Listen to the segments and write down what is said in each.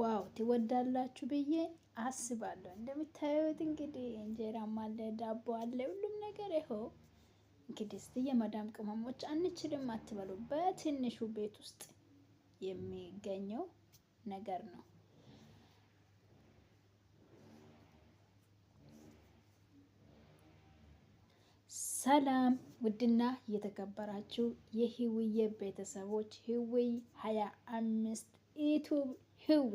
ዋው ትወዳላችሁ ብዬ አስባለሁ። እንደምታዩት እንግዲህ እንጀራም አለ፣ ዳቦ አለ፣ ሁሉም ነገር ይኸው። እንግዲህ እስቲ የመዳም ቅመሞች አንችልም አትበሉ። በትንሹ ቤት ውስጥ የሚገኘው ነገር ነው። ሰላም ውድና የተከበራችሁ የህውዬ ቤተሰቦች ህውይ ሀያ አምስት ዩቱብ ህዊ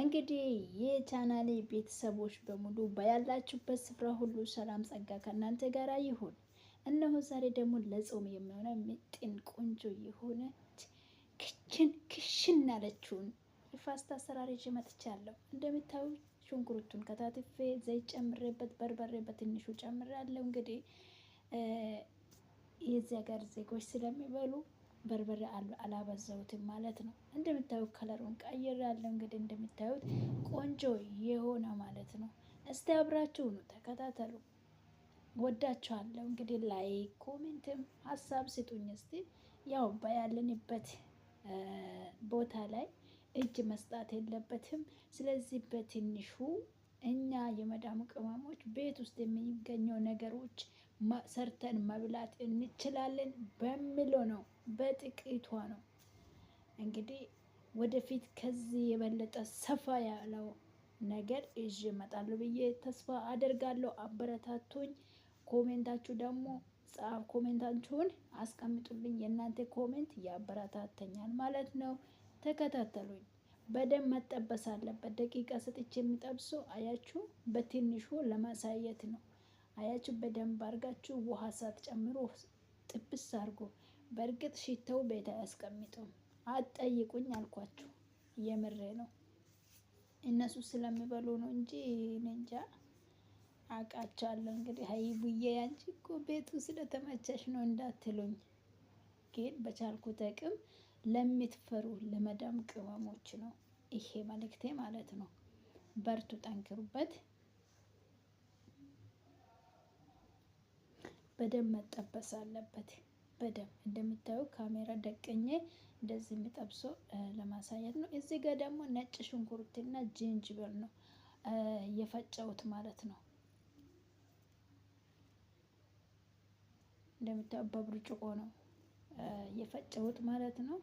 እንግዲህ የቻናሌ ቤተሰቦች በሙሉ በያላችሁበት ስፍራ ሁሉ ሰላም ጸጋ ከእናንተ ጋር ይሁን። እነሆ ዛሬ ደግሞ ለጾም የሚሆነ ምጥን ቆንጆ የሆነ ክችን ክሽን ያለችውን የፋስታ አሰራር ይዤ መጥቻለሁ። እንደምታዩ ሽንኩርቱን ከታትፌ ዘይት ጨምሬበት በርበሬ በትንሹ ጨምሬያለሁ። እንግዲህ የዚህ ሀገር ዜጎች ስለሚበሉ በርበሬ አላበዛሁትም ማለት ነው። እንደምታዩት ከለሩን ቀይር ያለ እንግዲህ እንደምታዩት ቆንጆ የሆነ ማለት ነው። እስቲ አብራችሁ ተከታተሉ። ወዳችኋለሁ። እንግዲህ ላይ ኮሜንትም ሀሳብ ስጡኝ። እስቲ ያው በያለንበት ቦታ ላይ እጅ መስጣት የለበትም። ስለዚህ በትንሹ እኛ የመዳም ቅመሞች ቤት ውስጥ የሚገኘው ነገሮች ሰርተን መብላት እንችላለን በሚለው ነው፣ በጥቂቷ ነው። እንግዲህ ወደፊት ከዚህ የበለጠ ሰፋ ያለው ነገር ይዤ እመጣለሁ ብዬ ተስፋ አደርጋለሁ። አበረታቱኝ። ኮሜንታችሁ ደግሞ ጻፍ፣ ኮሜንታችሁን አስቀምጡልኝ። የእናንተ ኮሜንት ያበረታተኛል ማለት ነው። ተከታተሉኝ። በደንብ መጠበስ አለበት። ደቂቃ ሰጥቼ የሚጠብሱ አያችሁ፣ በትንሹ ለማሳየት ነው። አያችሁ፣ በደንብ አርጋችሁ ውሃ ሳትጨምሩ ጥብስ አርጎ። በእርግጥ ሽተው ቤት አያስቀምጡም። አትጠይቁኝ አልኳችሁ፣ የምሬ ነው። እነሱ ስለሚበሉ ነው እንጂ እንጃ አውቃቸዋለሁ። እንግዲህ ሀይ ብዬ ያንቺ እኮ ቤቱ ስለተመቸሽ ነው እንዳትሉኝ። ግን በቻልኩት አቅም ለምትፈሩ ለመዳም ቅመሞች ነው ይሄ መልእክቴ ማለት ነው። በርቱ፣ ጠንክሩበት። በደንብ መጠበስ አለበት። በደንብ እንደምታዩ ካሜራ ደቀኜ እንደዚህ የሚጠብሶ ለማሳየት ነው። እዚህ ጋር ደግሞ ነጭ ሽንኩርትና ጅንጅብል ነው የፈጨሁት ማለት ነው። እንደምታዩ በብርጭቆ ነው የፈጨሁት ማለት ነው።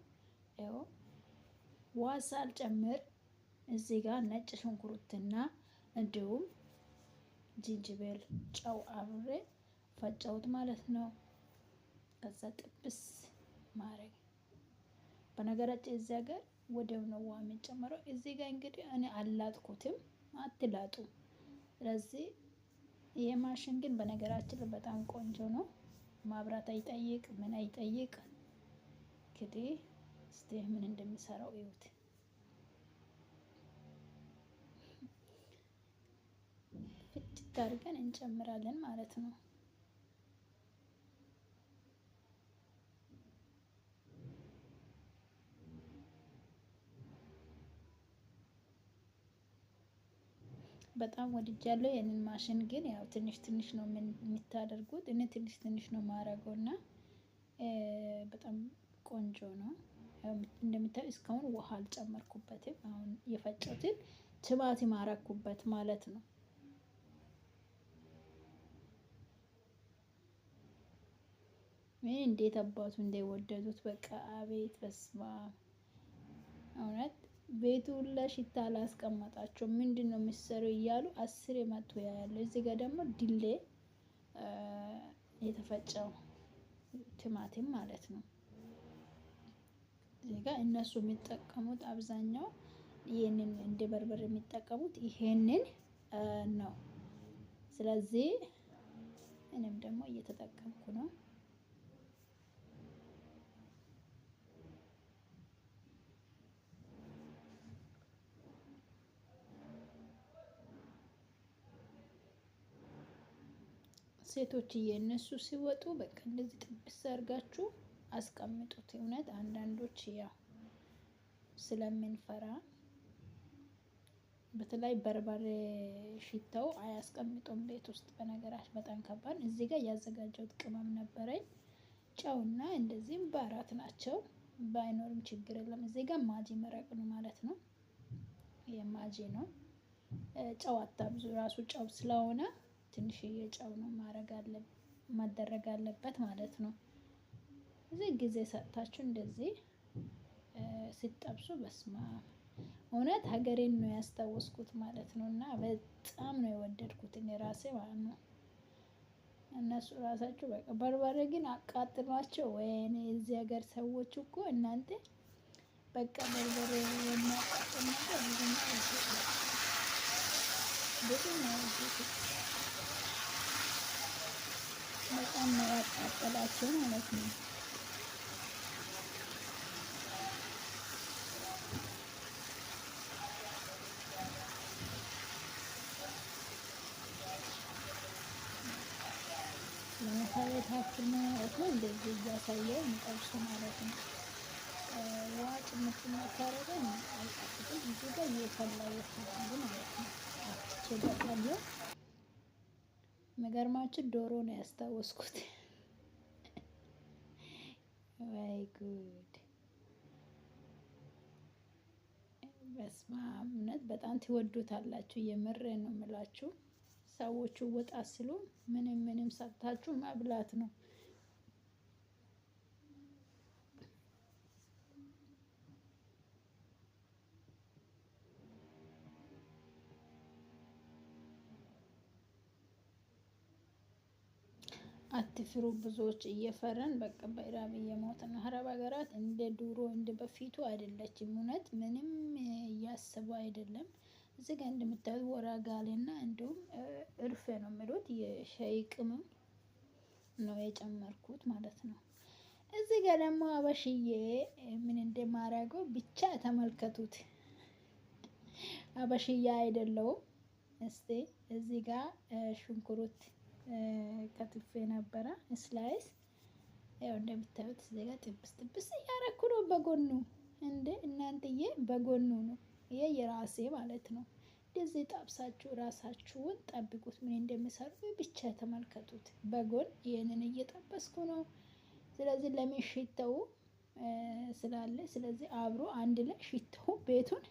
ዋስ ሳልጨምር እዚህ ጋር ነጭ ሽንኩርትና እንዲሁም ጅንጅብል ጨው አብሬ ፈጨሁት ማለት ነው። ከዛ ጥብስ ማድረግ በነገራችን እዚህ ሀገር ወደው ነው ውሃ የሚጨመረው። እዚህ ጋር እንግዲህ እኔ አላጥኩትም፣ አትላጡ። ስለዚህ ይሄ ማሽን ግን በነገራችን በጣም ቆንጆ ነው። ማብራት አይጠይቅ ምን አይጠይቅ እንግዲህ እስቲ ምን እንደሚሰራው እዩት። ፍጭት አድርገን እንጨምራለን ማለት ነው። በጣም ወድጃለሁ ይህንን ማሽን ግን ያው ትንሽ ትንሽ ነው የምታደርጉት። እኔ ትንሽ ትንሽ ነው ማረገው እና በጣም ቆንጆ ነው። እንደምታዩ እስካሁን ውሃ አልጨመርኩበትም። አሁን የፈጨትን ቲማቲም አረኩበት ማለት ነው። ይህ እንዴት አባቱ እንደወደዱት በቃ አቤት በስማ እውነት ቤቱ ሁላ ሽታ አላስቀመጣቸው ምንድን ነው የሚሰራው እያሉ አስር የመቶ ያያለው። እዚህ ጋር ደግሞ ድሌ የተፈጨው ቲማቲም ማለት ነው። እዚህ እነሱ የሚጠቀሙት አብዛኛው ይህንን እንደ በርበሬ የሚጠቀሙት ይሄንን ነው። ስለዚህ እኔም ደግሞ እየተጠቀምኩ ነው። ሴቶችዬ እነሱ ሲወጡ በቃ እንደዚህ ጥብስ አድርጋችሁ አስቀምጡት። እውነት አንዳንዶች ያው ስለምንፈራ በተለይ በርበሬ ሽተው አያስቀምጡም ቤት ውስጥ በነገራችን በጣም ከባድ። እዚህ ጋር ያዘጋጀሁት ቅመም ነበረኝ ጨውና እንደዚህም በአራት ናቸው። ባይኖርም ችግር የለም። እዚህ ጋር ማጂ መረቅ ነው ማለት ነው። የማጂ ነው። ጨው አታብዙ። ራሱ ጨው ስለሆነ ትንሽዬ ጨው ነው ማድረግ አለ አለበት ማለት ነው። እዚህ ጊዜ ሰጥታችሁ እንደዚህ ሲጠብሱ በስማ እውነት ሀገሬን ነው ያስታወስኩት ማለት ነው። እና በጣም ነው የወደድኩት እኔ ራሴ ማለት ነው። እነሱ ራሳቸው በቃ በርበሬ ግን አቃጥሏቸው፣ ወይኔ የዚህ ሀገር ሰዎች እኮ እናንተ በቃ በርበሬ የሚያቃጥል ነገር ብዙ ነው። በጣም ነው ያቃጠላቸው ማለት ነው። ያክል ማለት ነው። እንደዚህ እያሳየ የሚጠብሱ ማለት ነው። ዋጭ የምትመካረበን አልቃጥቅም እዚህ ጋር እየፈላ እየፈላሉ ማለት ነው። አፍቼበታለሁ። የሚገርማችን ዶሮ ነው ያስታወስኩት። ወይ ጉድ! በስመ አብ እውነት በጣም ትወዱታላችሁ። የምሬ ነው የምላችሁ። ሰዎቹ ወጣ ሲሉ ምንም ምንም ሰርታችሁ መብላት ነው። አትፍሩ። ብዙዎች እየፈረን በቃ በኢራብ እየሞት ነው። አረብ ሀገራት እንደ ዱሮ እንደ በፊቱ አይደለችም። እውነት ምንም እያሰቡ አይደለም። እዚህ ጋር እንደምታዩት ወራጋልና እንዲሁም ነው የምሉት። የሻይ ቅመም ነው የጨመርኩት ማለት ነው። እዚህ ጋር ደግሞ አበሽዬ ምን እንደማደርገው ብቻ ተመልከቱት። አበሽያ አይደለውም። እስቲ እዚህ ጋር ሽንኩርት ከትፌ ነበረ ስላይስ ያው እንደምታዩት እዚህ ጋር ጥብስ ጥብስ እያረኩ ነው። በጎኑ እንደ እናንተዬ በጎኑ ነው ይሄ የራሴ ማለት ነው። እንደዚህ ጣብሳችሁ ራሳችሁን ጠብቁት። ምን እንደምሰሩ ብቻ ተመልከቱት። በጎን ይህንን እየጠበስኩ ነው። ስለዚህ ለምን ሽተው ስላለ ስለዚህ አብሮ አንድ ላይ ሽተው ቤቱን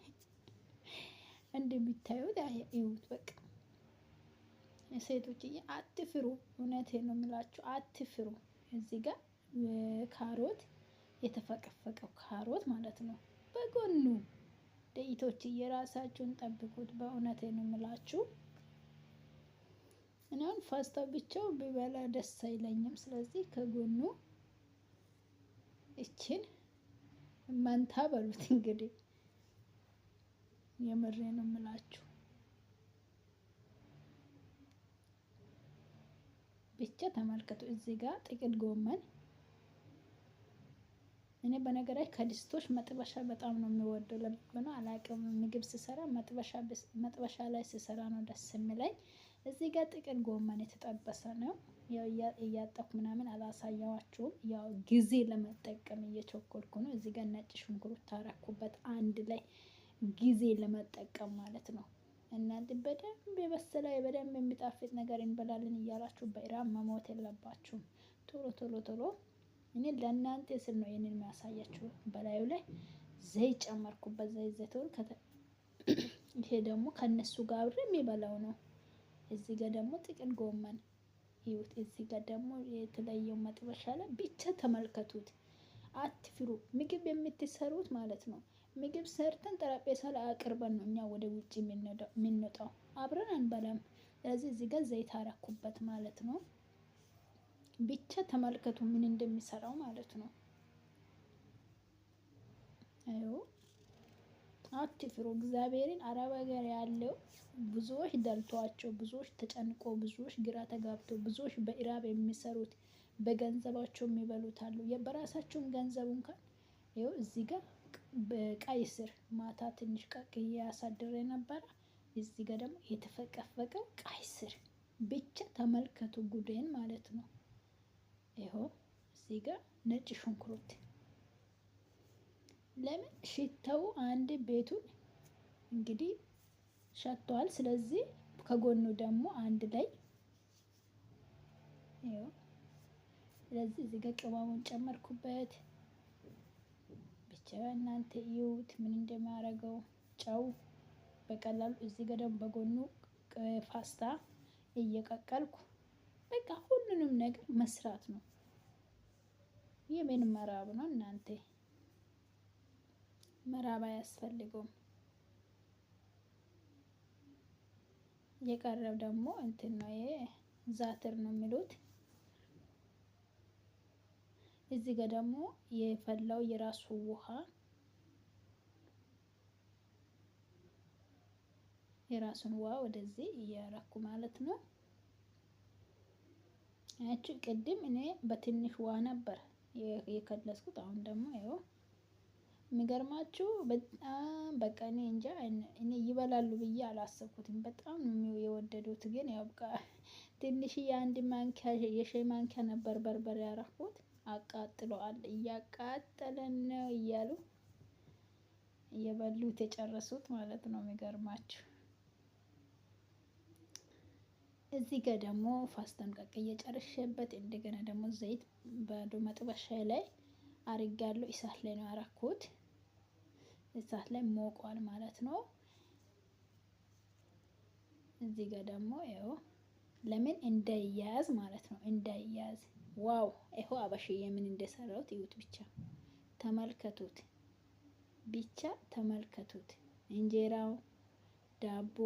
እንደሚታዩት ይዩት። በቃ ሴቶችዬ አትፍሩ፣ እውነቴ ነው የምላችሁ አትፍሩ። እዚህ ጋር ካሮት የተፈቀፈቀው ካሮት ማለት ነው በጎኑ እይቶች የራሳችሁን ጠብቁት። በእውነት ነው የምላችሁ። እኔውን ፋስታ ብቻው ብበላ ደስ አይለኝም። ስለዚህ ከጎኑ እችን መንታ በሉት እንግዲህ የምሬ ነው የምላችሁ። ብቻ ተመልከቱ እዚህ ጋር ጥቅል ጎመን እኔ በነገራች ከድስቶች መጥበሻ በጣም ነው የሚወደው። ለምን አላውቅም፣ ምግብ ስሰራ መጥበሻ ላይ ስሰራ ነው ደስ የሚለኝ። እዚህ ጋር ጥቅል ጎመን የተጠበሰ ነው። ያው እያጠኩ ምናምን አላሳየዋችሁም። ያው ጊዜ ለመጠቀም እየቸኮልኩ ነው። እዚህ ጋር ነጭ ሽንኩርት ታረኩበት አንድ ላይ ጊዜ ለመጠቀም ማለት ነው። እናንተ በደንብ የበሰለ በደንብ የሚጣፍጥ ነገር እንበላለን እያላችሁ በኢራን መሞት የለባችሁም። ቶሎ ቶሎ ቶሎ እኔ ለእናንተ ስል ነው ይህንን የሚያሳያችሁ። በላዩ ላይ ዘይት ጨመርኩበት። ዘይት ዘይቱን ይሄ ደግሞ ከነሱ ጋር አብሬ የሚበላው ነው። እዚ ጋ ደግሞ ጥቅል ጎመን ይሁት። እዚህ ደግሞ የተለየው መጥበሻ ላይ ብቻ ተመልከቱት። አትፍሩ። ምግብ የምትሰሩት ማለት ነው። ምግብ ሰርተን ጠረጴዛ ላይ አቅርበን ነው እኛ ወደ ውጭ የምንወጣው። አብረን አንበላም። ስለዚህ እዚ ጋ ዘይት አረኩበት ማለት ነው። ብቻ ተመልከቱ ምን እንደሚሰራው ማለት ነው። አዩ አትፍሩ። እግዚአብሔርን አረብ ሀገር ያለው ብዙዎች ደልቷቸው፣ ብዙዎች ተጨንቆ፣ ብዙዎች ግራ ተጋብቶ፣ ብዙዎች በኢራብ የሚሰሩት በገንዘባቸው የሚበሉት አሉ። በራሳቸውን ገንዘብ እንኳን ይኸው እዚህ ጋር በቀይ ስር ማታ ትንሽ ቀቅዬ አሳድሬ ነበረ። እዚህ ጋር ደግሞ የተፈቀፈቀው ቀይ ስር ብቻ ተመልከቱ ጉዴን ማለት ነው። ይኸው እዚህ ጋር ነጭ ሽንኩርት ለምን ሽታው አንድ ቤቱን እንግዲህ ሸቷል። ስለዚህ ከጎኑ ደግሞ አንድ ላይ ስለዚህ እዚህ ጋር ቅመሙን ጨመርኩበት። ብቻ እናንተ እዩት ምን እንደሚያደርገው ጨው በቀላሉ እዚህ ጋር ደግሞ በጎኑ ፓስታ እየቀቀልኩ በቃ ሁሉንም ነገር መስራት ነው። ይህ ምን ምዕራብ ነው እናንተ? ምዕራብ አያስፈልገውም። የቀረብ ደግሞ እንትን ነው ዛትር ነው የሚሉት። እዚህ ጋር ደግሞ የፈላው የራሱ ውሃ የራሱን ውሃ ወደዚህ እያረኩ ማለት ነው። ያቺ ቅድም እኔ በትንሽ ውሃ ነበር የከለስኩት። አሁን ደግሞ ይኸው የሚገርማችሁ በጣም በቃ እኔ እንጃ እኔ ይበላሉ ብዬ አላሰብኩትም። በጣም የወደዱት ግን ያው በቃ ትንሽ የአንድ ማንኪያ የሻይ ማንኪያ ነበር በርበሬ ያረኩት። አቃጥለዋል፣ እያቃጠለ ነው እያሉ እየበሉት የጨረሱት ማለት ነው የሚገርማችሁ። እዚህ ጋር ደግሞ ፓስታን ቀቅዬ ጨርሼበት እንደገና ደግሞ ዘይት ባዶ መጥበሻ ላይ አርጋለሁ። እሳት ላይ ነው ያረኩት። እሳት ላይ ሞቋል ማለት ነው። እዚህ ጋር ደግሞ ያው ለምን እንዳይያዝ ማለት ነው እንዳይያዝ። ዋው ይሄ አበሽዬ ምን እንደሰራሁት እዩት ብቻ ተመልከቱት፣ ብቻ ተመልከቱት። እንጀራው ዳቦ